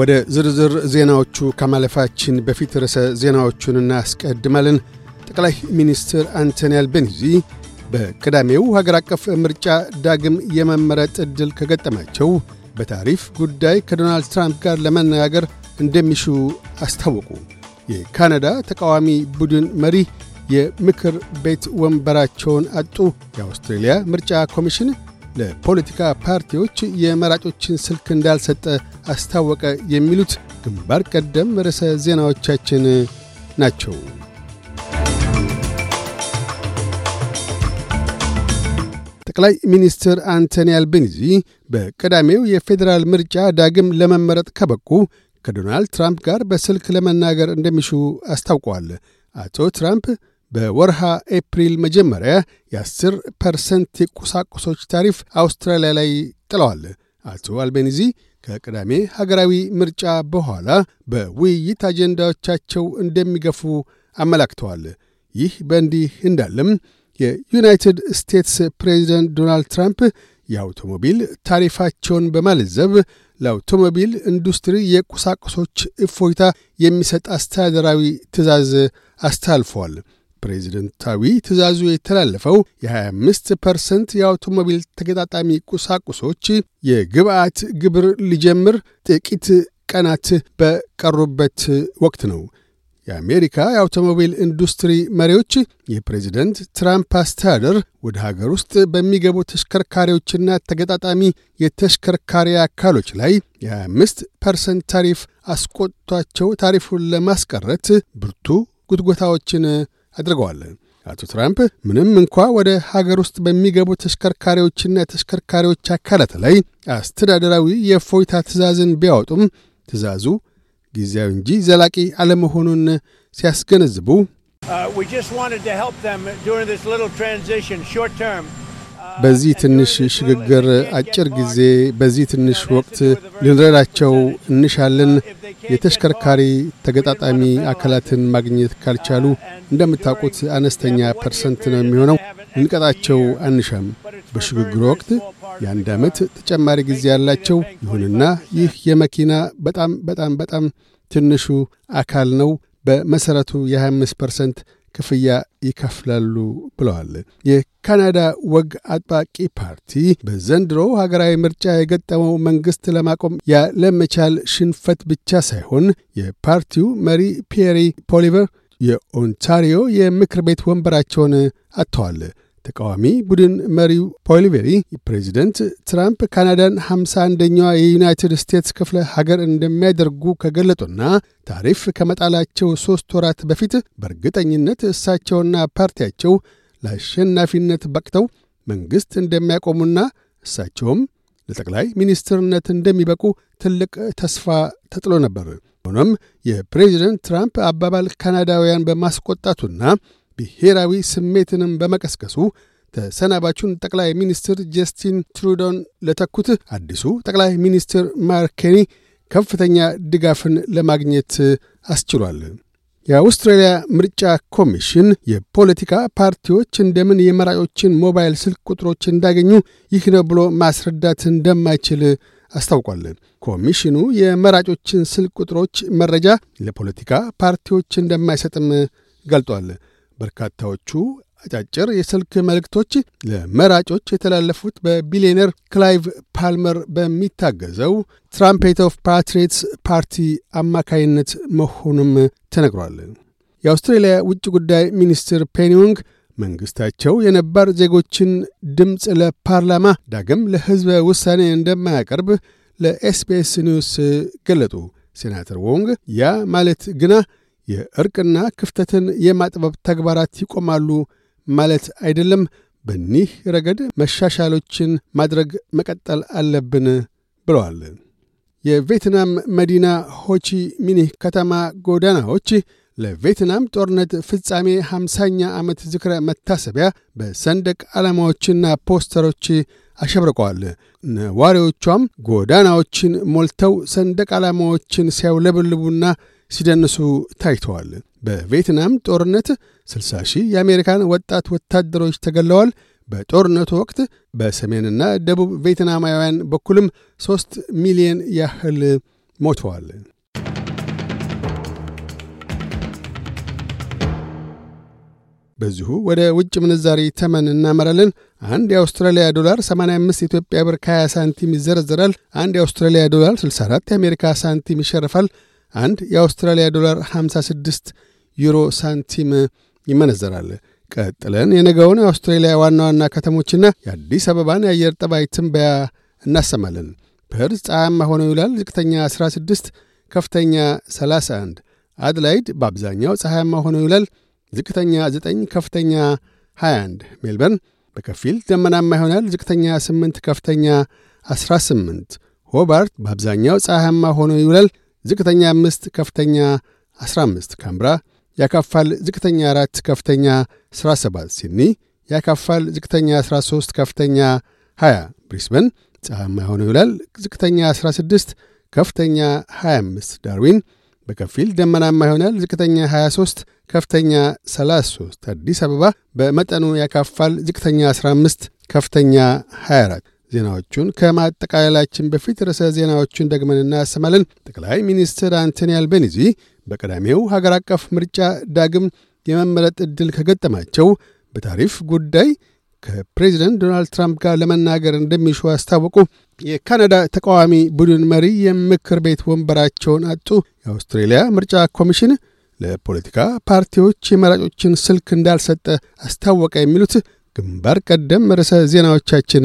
ወደ ዝርዝር ዜናዎቹ ከማለፋችን በፊት ርዕሰ ዜናዎቹን እናስቀድማለን። ጠቅላይ ሚኒስትር አንቶኒ አልቤኒዚ በቅዳሜው ሀገር አቀፍ ምርጫ ዳግም የመመረጥ ዕድል ከገጠማቸው በታሪፍ ጉዳይ ከዶናልድ ትራምፕ ጋር ለመነጋገር እንደሚሹ አስታወቁ። የካናዳ ተቃዋሚ ቡድን መሪ የምክር ቤት ወንበራቸውን አጡ። የአውስትሬልያ ምርጫ ኮሚሽን ለፖለቲካ ፓርቲዎች የመራጮችን ስልክ እንዳልሰጠ አስታወቀ። የሚሉት ግንባር ቀደም ርዕሰ ዜናዎቻችን ናቸው። ጠቅላይ ሚኒስትር አንቶኒ አልቤኒዚ በቀዳሚው የፌዴራል ምርጫ ዳግም ለመመረጥ ከበቁ ከዶናልድ ትራምፕ ጋር በስልክ ለመናገር እንደሚሹ አስታውቀዋል። አቶ ትራምፕ በወርሃ ኤፕሪል መጀመሪያ የ10 ፐርሰንት የቁሳቁሶች ታሪፍ አውስትራሊያ ላይ ጥለዋል። አቶ አልቤኒዚ ከቅዳሜ ሀገራዊ ምርጫ በኋላ በውይይት አጀንዳዎቻቸው እንደሚገፉ አመላክተዋል። ይህ በእንዲህ እንዳለም የዩናይትድ ስቴትስ ፕሬዚደንት ዶናልድ ትራምፕ የአውቶሞቢል ታሪፋቸውን በማለዘብ ለአውቶሞቢል ኢንዱስትሪ የቁሳቁሶች እፎይታ የሚሰጥ አስተዳደራዊ ትዕዛዝ አስተላልፈዋል። ፕሬዚደንታዊ ትእዛዙ የተላለፈው የ25 ፐርሰንት የአውቶሞቢል ተገጣጣሚ ቁሳቁሶች የግብአት ግብር ሊጀምር ጥቂት ቀናት በቀሩበት ወቅት ነው። የአሜሪካ የአውቶሞቢል ኢንዱስትሪ መሪዎች የፕሬዚደንት ትራምፕ አስተዳደር ወደ ሀገር ውስጥ በሚገቡ ተሽከርካሪዎችና ተገጣጣሚ የተሽከርካሪ አካሎች ላይ 25 ፐርሰንት ታሪፍ አስቆጥቷቸው ታሪፉን ለማስቀረት ብርቱ ጉትጎታዎችን አድርገዋል። አቶ ትራምፕ ምንም እንኳ ወደ ሀገር ውስጥ በሚገቡ ተሽከርካሪዎችና ተሽከርካሪዎች አካላት ላይ አስተዳደራዊ የእፎይታ ትእዛዝን ቢያወጡም ትእዛዙ ጊዜያዊ እንጂ ዘላቂ አለመሆኑን ሲያስገነዝቡ uh, በዚህ ትንሽ ሽግግር አጭር ጊዜ በዚህ ትንሽ ወቅት ልንረዳቸው እንሻለን። የተሽከርካሪ ተገጣጣሚ አካላትን ማግኘት ካልቻሉ እንደምታውቁት አነስተኛ ፐርሰንት ነው የሚሆነው። ልንቀጣቸው አንሻም። በሽግግሩ ወቅት የአንድ ዓመት ተጨማሪ ጊዜ ያላቸው። ይሁንና ይህ የመኪና በጣም በጣም በጣም ትንሹ አካል ነው። በመሠረቱ የ25 ፐርሰንት ክፍያ ይከፍላሉ ብለዋል። የካናዳ ወግ አጥባቂ ፓርቲ በዘንድሮ ሀገራዊ ምርጫ የገጠመው መንግሥት ለማቆም ያለመቻል ሽንፈት ብቻ ሳይሆን የፓርቲው መሪ ፒየሪ ፖሊቨር የኦንታሪዮ የምክር ቤት ወንበራቸውን አጥተዋል። ተቃዋሚ ቡድን መሪው ፖሊቬሪ ፕሬዚደንት ትራምፕ ካናዳን 51 አንደኛዋ የዩናይትድ ስቴትስ ክፍለ ሀገር እንደሚያደርጉ ከገለጡና ታሪፍ ከመጣላቸው ሦስት ወራት በፊት በእርግጠኝነት እሳቸውና ፓርቲያቸው ለአሸናፊነት በቅተው መንግሥት እንደሚያቆሙና እሳቸውም ለጠቅላይ ሚኒስትርነት እንደሚበቁ ትልቅ ተስፋ ተጥሎ ነበር። ሆኖም የፕሬዚደንት ትራምፕ አባባል ካናዳውያን በማስቆጣቱና ብሔራዊ ስሜትንም በመቀስቀሱ ተሰናባቹን ጠቅላይ ሚኒስትር ጀስቲን ትሩዶን ለተኩት አዲሱ ጠቅላይ ሚኒስትር ማርክ ከፍተኛ ድጋፍን ለማግኘት አስችሏል። የአውስትራሊያ ምርጫ ኮሚሽን የፖለቲካ ፓርቲዎች እንደምን የመራጮችን ሞባይል ስልክ ቁጥሮች እንዳገኙ ይህ ነው ብሎ ማስረዳት እንደማይችል አስታውቋል። ኮሚሽኑ የመራጮችን ስልክ ቁጥሮች መረጃ ለፖለቲካ ፓርቲዎች እንደማይሰጥም ገልጧል። በርካታዎቹ አጫጭር የስልክ መልእክቶች ለመራጮች የተላለፉት በቢሊዮነር ክላይቭ ፓልመር በሚታገዘው ትራምፔት ኦፍ ፓትሪትስ ፓርቲ አማካይነት መሆኑም ተነግሯል። የአውስትሬልያ ውጭ ጉዳይ ሚኒስትር ፔኒዮንግ መንግሥታቸው የነባር ዜጎችን ድምፅ ለፓርላማ ዳግም ለሕዝበ ውሳኔ እንደማያቀርብ ለኤስቢኤስ ኒውስ ገለጡ። ሴናተር ዎንግ ያ ማለት ግና የእርቅና ክፍተትን የማጥበብ ተግባራት ይቆማሉ ማለት አይደለም። በኒህ ረገድ መሻሻሎችን ማድረግ መቀጠል አለብን ብለዋል። የቬትናም መዲና ሆቺ ሚኒህ ከተማ ጎዳናዎች ለቬትናም ጦርነት ፍጻሜ 50 ዓመት ዝክረ መታሰቢያ በሰንደቅ ዓላማዎችና ፖስተሮች አሸብርቀዋል። ነዋሪዎቿም ጎዳናዎችን ሞልተው ሰንደቅ ዓላማዎችን ሲያውለበልቡና ሲደንሱ ታይተዋል። በቪየትናም ጦርነት 60 ሺህ የአሜሪካን ወጣት ወታደሮች ተገለዋል። በጦርነቱ ወቅት በሰሜንና ደቡብ ቪየትናማውያን በኩልም 3 ሚሊዮን ያህል ሞተዋል። በዚሁ ወደ ውጭ ምንዛሪ ተመን እናመራለን። አንድ የአውስትራሊያ ዶላር 85 ኢትዮጵያ ብር ከ20 ሳንቲም ይዘረዘራል። አንድ የአውስትራሊያ ዶላር 64 የአሜሪካ ሳንቲም ይሸርፋል። አንድ የአውስትራሊያ ዶላር 56 ዩሮ ሳንቲም ይመነዘራል። ቀጥለን የነገውን የአውስትሬሊያ ዋና ዋና ከተሞችና የአዲስ አበባን የአየር ጠባይ ትንበያ እናሰማለን። ፐርዝ ፀሐያማ ሆኖ ይውላል። ዝቅተኛ 16፣ ከፍተኛ 31። አድላይድ በአብዛኛው ፀሐያማ ሆኖ ይውላል። ዝቅተኛ 9፣ ከፍተኛ 21። ሜልበርን በከፊል ደመናማ ይሆናል። ዝቅተኛ 8፣ ከፍተኛ 18። ሆባርት በአብዛኛው ፀሐያማ ሆኖ ይውላል። ዝቅተኛ 5 ከፍተኛ 15 ካምብራ ያካፋል ዝቅተኛ 4 ከፍተኛ 17 ሲድኒ ያካፋል ዝቅተኛ 13 ከፍተኛ 20 ብሪስበን ፀሐያማ ሆኖ ይውላል ዝቅተኛ 16 ከፍተኛ 25 ዳርዊን በከፊል ደመናማ ይሆናል ዝቅተኛ 23 ከፍተኛ 33 አዲስ አበባ በመጠኑ ያካፋል ዝቅተኛ 15 ከፍተኛ 24 ዜናዎቹን ከማጠቃለላችን በፊት ርዕሰ ዜናዎቹን ደግመን እናሰማለን። ጠቅላይ ሚኒስትር አንቶኒ አልቤኒዚ በቀዳሚው ሀገር አቀፍ ምርጫ ዳግም የመመረጥ ዕድል ከገጠማቸው በታሪፍ ጉዳይ ከፕሬዚደንት ዶናልድ ትራምፕ ጋር ለመናገር እንደሚሹ አስታወቁ። የካናዳ ተቃዋሚ ቡድን መሪ የምክር ቤት ወንበራቸውን አጡ። የአውስትሬልያ ምርጫ ኮሚሽን ለፖለቲካ ፓርቲዎች የመራጮችን ስልክ እንዳልሰጠ አስታወቀ። የሚሉት ግንባር ቀደም ርዕሰ ዜናዎቻችን